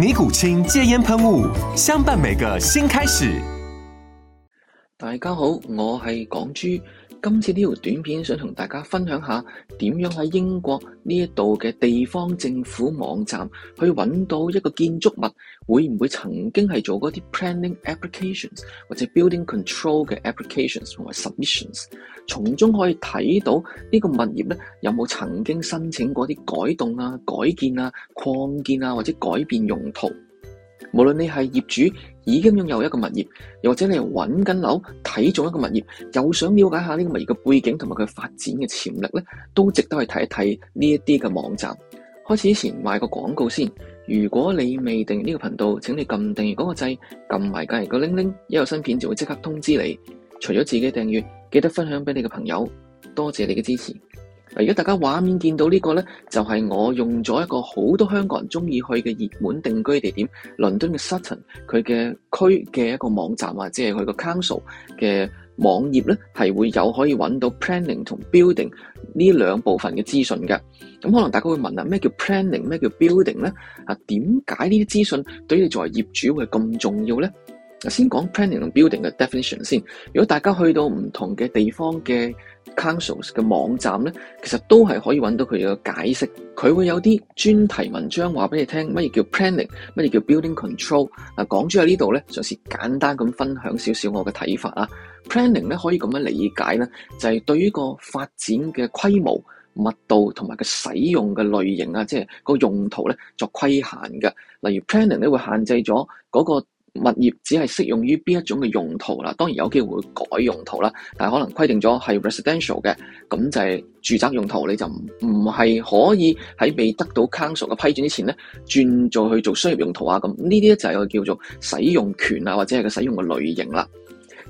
尼古清戒煙噴霧，相伴每個新開始。大家好，我係港豬，今次呢條短片想同大家分享下點樣喺英國呢一度嘅地方政府網站去揾到一個建築物會唔會曾經係做嗰啲 planning applications 或者 building control 嘅 applications 同埋 submissions。從中可以睇到呢個物業咧有冇曾經申請過啲改動啊、改建啊、擴建啊或者改變用途。無論你係業主已經擁有一個物業，又或者你係揾緊樓睇中一個物業，又想了解下呢個物業嘅背景同埋佢發展嘅潛力咧，都值得去睇一睇呢一啲嘅網站。開始之前賣個廣告先。如果你未訂閱呢個頻道，請你撳訂閱嗰個掣，撳埋隔籬個鈴鈴，一有新片就會即刻通知你。除咗自己訂閱，記得分享俾你嘅朋友，多謝你嘅支持。而家大家畫面見到呢個呢，就係、是、我用咗一個好多香港人中意去嘅熱門定居地點——倫敦嘅 Sutton，佢嘅區嘅一個網站或者係佢個 Council 嘅網頁呢，係會有可以揾到 planning 同 building 呢兩部分嘅資訊嘅。咁、嗯、可能大家會問啦，咩叫 planning，咩叫 building 呢？啊，點解呢啲資訊對你作為業主會咁重要呢？」先講 planning 同 building 嘅 definition 先。如果大家去到唔同嘅地方嘅 council 嘅網站咧，其實都係可以揾到佢嘅解釋。佢會有啲專題文章話俾你聽，乜嘢叫 planning，乜嘢叫 building control，啊。嗱，講咗喺呢度咧，就試簡單咁分享少少我嘅睇法啊。planning 咧可以咁樣理解咧，就係對於個發展嘅規模、密度同埋個使用嘅類型啊，即係個用途咧作規限嘅。例如 planning 咧會限制咗嗰個。物業只係適用於邊一種嘅用途啦，當然有機會會改用途啦，但係可能規定咗係 residential 嘅，咁就係住宅用途，你就唔係可以喺未得到 council 嘅批准之前咧，轉做去做商業用途啊。咁呢啲咧就係個叫做使用權啊，或者係個使用嘅類型啦。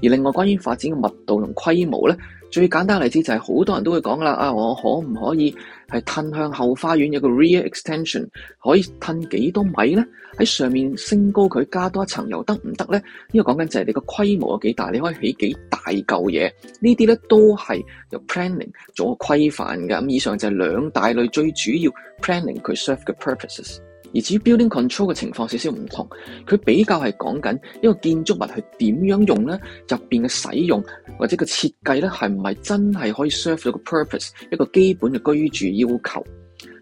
而另外關於發展嘅密度同規模咧，最簡單的例子就係好多人都會講啦，啊，我可唔可以？係褪向後花園有個 rear extension，可以褪幾多米咧？喺上面升高佢加多一層又得唔得咧？呢個講緊就係你個規模有幾大，你可以起幾大嚿嘢。呢啲咧都係由 planning 做個規範嘅。咁以上就係兩大類最主要 planning 佢 serve 嘅 purposes。而至於 building control 嘅情況少少唔同，佢比較係講緊一個建築物係點樣用咧，入邊嘅使用或者個設計咧，係唔係真係可以 serve 到個 purpose 一個基本嘅居住要求？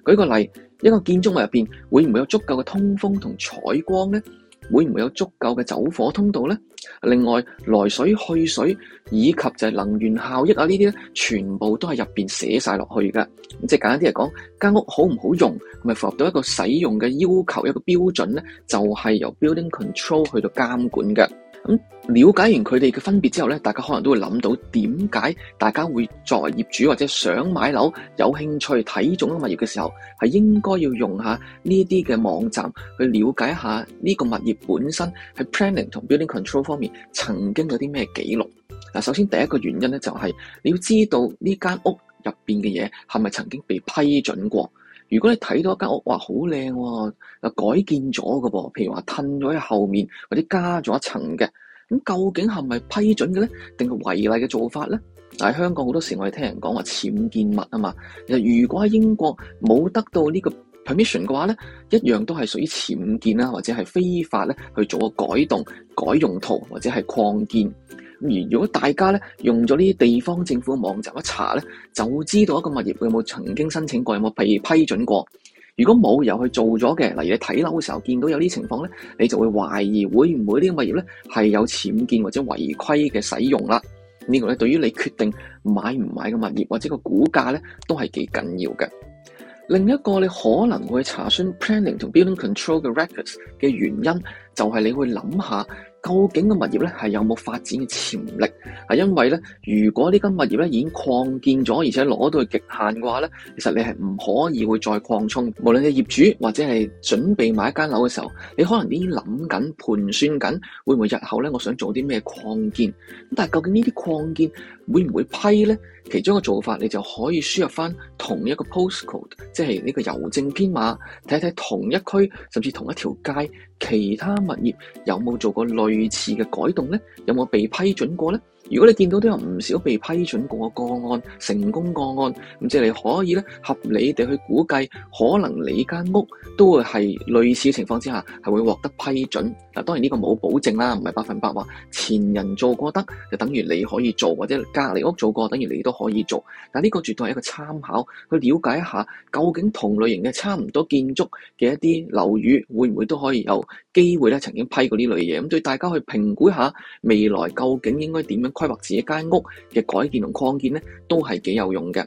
舉個例，一個建築物入面會唔會有足夠嘅通風同採光咧？會唔會有足夠嘅走火通道咧？另外來水去水，以及就係能源效益啊呢啲咧，全部都係入面寫晒落去嘅。咁即係簡單啲嚟講，間屋好唔好用，同埋符合到一個使用嘅要求一個標準咧，就係由 Building Control 去到監管嘅。咁了解完佢哋嘅分別之後咧，大家可能都會諗到點解大家會作為業主或者想買樓有興趣睇呢種物業嘅時候，係應該要用下呢啲嘅網站去了解一下呢個物業本身喺 planning 同 building control 方面曾經有啲咩記錄。嗱，首先第一個原因咧，就係你要知道呢間屋入邊嘅嘢係咪曾經被批准過。如果你睇到一間屋，哇，好靚喎，改建咗嘅噃，譬如話褪咗喺後面，或者加咗一層嘅，咁究竟係咪批准嘅咧？定係違例嘅做法咧？但係香港好多時我哋聽人講話僭建物啊嘛，其實如果喺英國冇得到呢個 permission 嘅話咧，一樣都係屬於僭建啦，或者係非法咧去做個改動、改用途或者係擴建。而如果大家咧用咗呢啲地方政府網站一查咧，就知道一個物業有冇曾經申請過，有冇被批准過。如果冇又去做咗嘅，例如你睇樓嘅時候見到有啲情況咧，你就會懷疑會唔會呢個物業咧係有僭建或者違規嘅使用啦。呢個咧對於你決定買唔買嘅物業或者個估價，咧都係幾緊要嘅。另一個你可能會查詢 planning 同 building control 嘅 records 嘅原因，就係你會諗下。究竟個物業咧係有冇發展嘅潛力？係因為咧，如果呢間物業咧已經擴建咗，而且攞到極限嘅話咧，其實你係唔可以會再擴充。無論你業主或者係準備買一間樓嘅時候，你可能已經諗緊、盤算緊，會唔會日後咧，我想做啲咩擴建？咁但係究竟呢啲擴建？會唔會批呢？其中一個做法，你就可以輸入翻同一個 postcode，即係呢個郵政編碼，睇睇同一區甚至同一條街其他物業有冇做過類似嘅改動呢？有冇被批准過呢？如果你見到都有唔少被批准過嘅個案、成功個案，咁即係你可以呢合理地去估計，可能你間屋，都會係類似情況之下，係會獲得批准。嗱，當然呢個冇保證啦，唔係百分百話前人做過得，就等於你可以做，或者隔離屋做過，等於你都可以做。但呢個絕對係一個參考，去了解一下究竟同類型嘅差唔多建築嘅一啲樓宇，會唔會都可以有機會咧曾經批過呢類嘢？咁、嗯、對大家去評估一下未來究竟應該點樣規劃自己間屋嘅改建同擴建呢，都係幾有用嘅。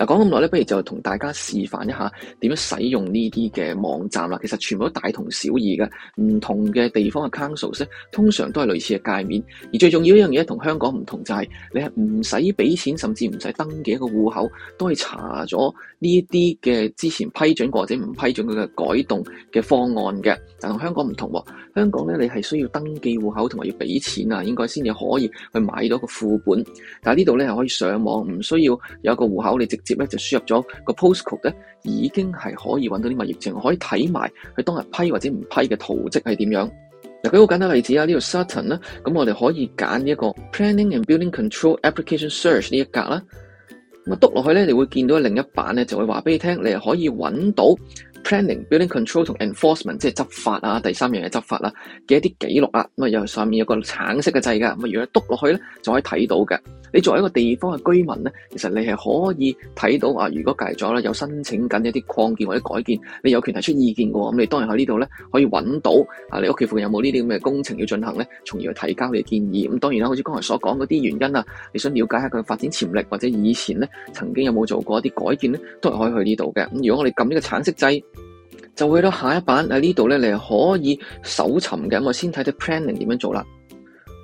嗱，講咁耐咧，不如就同大家示範一下點樣使用呢啲嘅網站啦。其實全部都大同小異嘅，唔同嘅地方嘅 council 咧，通常都係類似嘅界面。而最重要一樣嘢同香港唔同就係，你係唔使俾錢，甚至唔使登記一個戶口，都係查咗呢啲嘅之前批准過或者唔批准佢嘅改動嘅方案嘅。但同香港唔同喎，香港咧你係需要登記戶口同埋要俾錢啊，應該先至可以去買到個副本。但呢度咧係可以上網，唔需要有個戶口，你直接。咧就輸入咗個 postcode 咧，已經係可以揾到啲物業證，仲可以睇埋佢當日批或者唔批嘅圖則係點樣。嗱、啊，舉個好簡單例子啊，呢個 Sutton 啦，咁我哋可以揀呢一個 Planning and Building Control Application Search 呢一格啦。咁、嗯、啊，篤落去咧，你會見到另一版咧，就會話俾你聽，你係可以揾到。Planning, Building Control 同 Enforcement 即係執法啊，第三樣嘢執法啊嘅一啲記錄啊，咁啊又上面有個橙色嘅掣噶，咁啊如果督落去咧，就可以睇到嘅。你作為一個地方嘅居民咧，其實你係可以睇到啊。如果隔咗咧有申請緊一啲擴建或者改建，你有權提出意見嘅喎。咁你當然喺呢度咧可以揾到啊，你屋企附近有冇呢啲咁嘅工程要進行咧，從而去提交你嘅建議。咁當然啦，好似剛才所講嗰啲原因啊，你想了解下佢嘅發展潛力或者以前咧曾經有冇做過一啲改建咧，都係可以去呢度嘅。咁如果我哋撳呢個橙色掣，就會到下一版，喺呢度咧，你係可以搜尋嘅。咁，嗯，我先睇睇 planning 點樣做啦。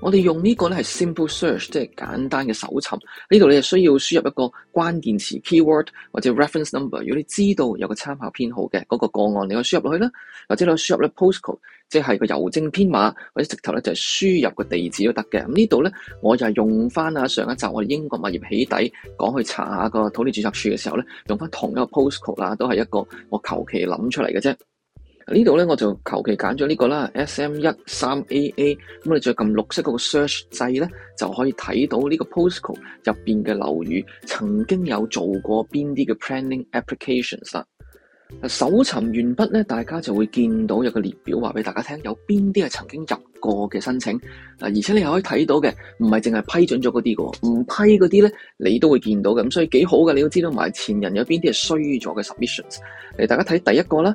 我哋用呢個咧係 simple search，即係簡單嘅搜尋。呢度你係需要輸入一個關鍵詞 keyword 或者 reference number。如果你知道有個參考編號嘅嗰個個案，你可以輸入落去啦。或者你可以輸入咧 postcode，即係個郵政編碼，或者直頭咧就係輸入個地址都得嘅。咁呢度咧，我就係用翻啊上一集我哋英國物業起底講去查下個土地註冊處嘅時候咧，用翻同一個 postcode 啦，都係一個我求其諗出嚟嘅啫。呢度咧我就求其揀咗呢個啦，SM 一三 AA，咁你再撳綠色嗰個 search 掣咧，就可以睇到呢個 post code 入邊嘅樓宇曾經有做過邊啲嘅 planning applications 啊。搜尋完畢咧，大家就會見到有個列表話俾大家聽，有邊啲係曾經入過嘅申請，而且你可以睇到嘅唔係淨係批准咗嗰啲個，唔批嗰啲咧你都會見到嘅，咁所以幾好嘅，你都知道埋前人有邊啲係衰咗嘅 submissions。嚟大家睇第一個啦。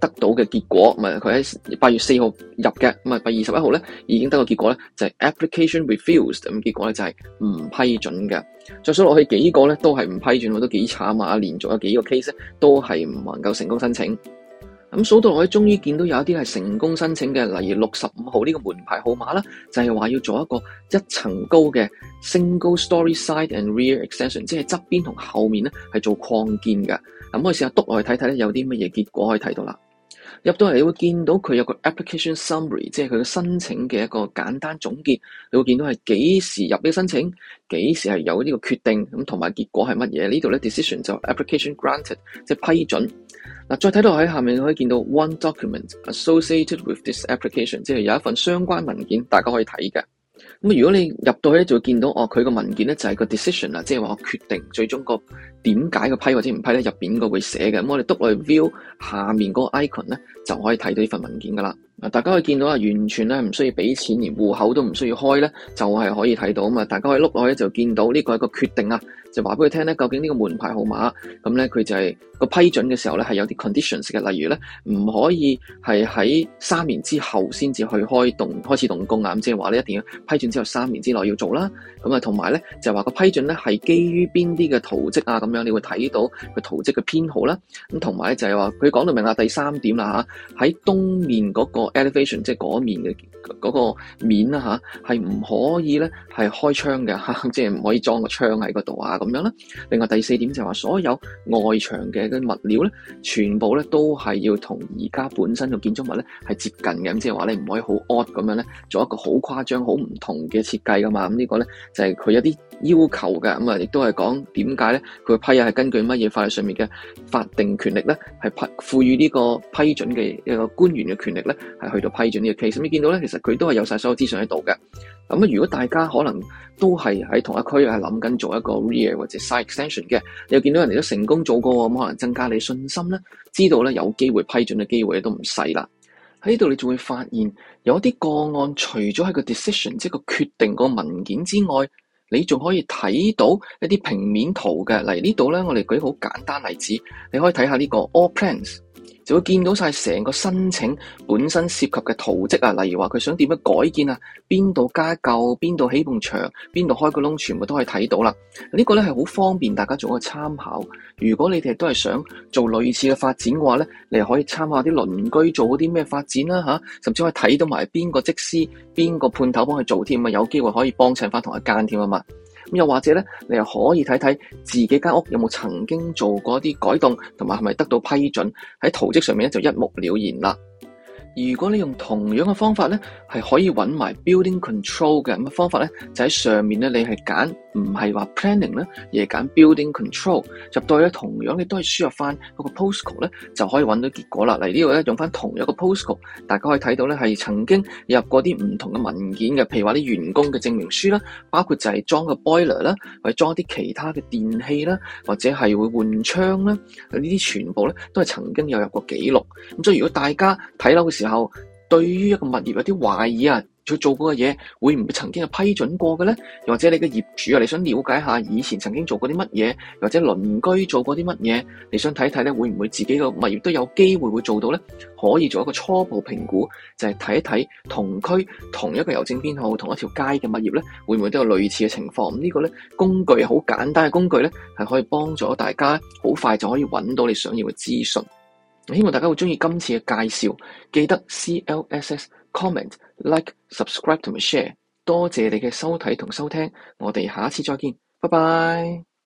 得到嘅結果，唔係佢喺八月四號入嘅，唔係八月二十一號咧，已經得到結果咧，就係 application refused，咁結果咧就係唔批准嘅。再數落去幾個咧都係唔批准，都幾慘啊！連續有幾個 case 都係唔能夠成功申請。咁數到落去，終於見到有一啲係成功申請嘅。例如六十五號呢個門牌號碼啦，就係話要做一個一層高嘅 single story side and rear extension，即係側邊同後面咧係做擴建嘅。咁可以試下督落去睇睇咧，有啲乜嘢結果可以睇到啦。入到嚟，你會見到佢有個 application summary，即係佢嘅申請嘅一個簡單總結。你會見到係幾時入呢個申請，幾時係有呢個決定咁，同埋結果係乜嘢？呢度咧 decision 就 application granted，即係批准。嗱，再睇到喺下面可以見到 one document associated with this application，即係有一份相關文件，大家可以睇嘅。咁如果你入到去咧，就會見到哦，佢個文件咧就係、是、個 decision 啦，即係話我決定最終個點解個批或者唔批咧，入邊個會寫嘅。咁、嗯、我哋篤落去 view 下面嗰個 icon 咧，就可以睇到呢份文件噶啦。啊！大家可以見到啊，完全咧唔需要俾錢，連戶口都唔需要開咧，就係、是、可以睇到啊嘛！大家可以碌落去就見到呢個係個決定啊，就話俾佢聽咧，究竟呢個門牌號碼咁咧，佢就係、是、個批准嘅時候咧係有啲 conditions 嘅，例如咧唔可以係喺三年之後先至去開動開始動工啊，咁即係話呢，一定要批准之後三年之內要做啦。咁、就是、啊，同埋咧就話個批准咧係基於邊啲嘅圖則啊，咁樣你會睇到佢圖則嘅編號啦。咁同埋咧就係話佢講到明啊，第三點啦嚇，喺東面嗰、那個。Elevation 即係嗰面嘅嗰、嗰個面啦吓，係、啊、唔可以咧係開窗嘅，即係唔可以裝個窗喺嗰度啊咁樣啦。另外第四點就係話，所有外牆嘅啲物料咧，全部咧都係要同而家本身嘅建築物咧係接近嘅，即係話你唔可以好 odd 咁樣咧，做一個好誇張、好唔同嘅設計噶嘛。咁、嗯呢個、呢個咧就係、係、佢一啲要求嘅咁啊，亦都係講點解咧？佢批啊，係根據乜嘢法律上面嘅法定權力咧？係批賦予呢個批准嘅一個官員嘅權力咧，係去到批准呢個 case，嗯。你見到咧，其實佢都係有晒所有資訊喺度嘅。咁、嗯、啊，如果大家可能都係喺同一區係諗緊做一個 rear 或者 side extension 嘅，又見到人哋都成功做過，咁、嗯、可能增加你信心咧，知道咧有機會批准嘅機會都唔細啦。喺呢度你仲會發現有一啲個案，除咗喺個 decision 即係個決定個文件之外，你仲可以睇到一啲平面圖嘅，嚟呢度咧，我哋舉好簡單例子，你可以睇下呢個 all plans。就會見到晒成個申請本身涉及嘅圖則啊，例如話佢想點樣改建啊，邊度加構，邊度起埲牆，邊度開個窿，全部都可以睇到啦。呢個咧係好方便大家做個參考。如果你哋都係想做類似嘅發展嘅話咧，你可以參考啲鄰居做啲咩發展啦嚇，甚至可以睇到埋邊個則師，邊個判頭幫佢做添啊，有機會可以幫襯翻同一間添啊嘛。又或者咧，你又可以睇睇自己間屋有冇曾經做過一啲改動，同埋係咪得到批准喺圖則上面咧，就一目了然啦。如果你用同樣嘅方法咧，係可以揾埋 building control 嘅咁嘅方法咧，就喺上面咧，你係揀唔係話 planning 咧，是 plan ning，而係揀 building control，入到去咧同樣你都係輸入翻個 postcode 咧，就可以揾到結果啦。嚟呢度咧用翻同一個 postcode，大家可以睇到咧係曾經入過啲唔同嘅文件嘅，譬如話啲員工嘅證明書啦，包括就係裝個 boiler 啦，或者裝啲其他嘅電器啦，或者係會換窗啦，呢啲全部咧都係曾經有入過記錄，咁所以如果大家睇樓嘅時候，然後對於一個物業有啲懷疑啊，佢做過嘅嘢會唔會曾經係批准過嘅呢？又或者你嘅業主啊，你想了解下以前曾經做過啲乜嘢，或者鄰居做過啲乜嘢？你想睇睇咧，會唔會自己個物業都有機會會做到呢？可以做一個初步評估，就係睇一睇同區同一個郵政編號、同一條街嘅物業呢，會唔會都有類似嘅情況？嗯，這個、呢個工具好簡單嘅工具呢，係可以幫助大家好快就可以揾到你想要嘅資訊。我希望大家會鍾意今次嘅介紹，記得 CLSS Comment Like Subscribe 同埋 Share。多謝你嘅收睇同收聽，我哋下次再見，拜拜。